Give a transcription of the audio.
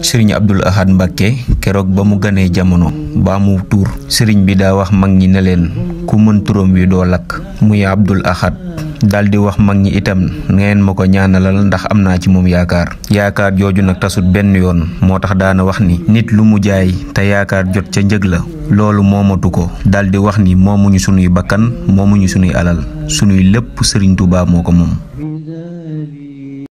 sëriñ Abdul Ahad Mbàkke keroog ba mu ganee jamono ba mu tuur sëriñ bi daa wax mag ñi ne leen ku mën turam wi doo lakk muy Abdul Ahad daal di wax mag ñi itam ngeen ma ko ñaanalal ndax am naa ci moom yaakaar yaakaar jooju nag tasut benn yoon moo tax daana wax ni nit lu mu jaay te yaakaar jot ca njëg la loolu moomatu ko daal di wax ni moomuñu sunuy bakkan moomuñu sunuy alal sunuy lépp sëriñ Tuubaa moo ko moom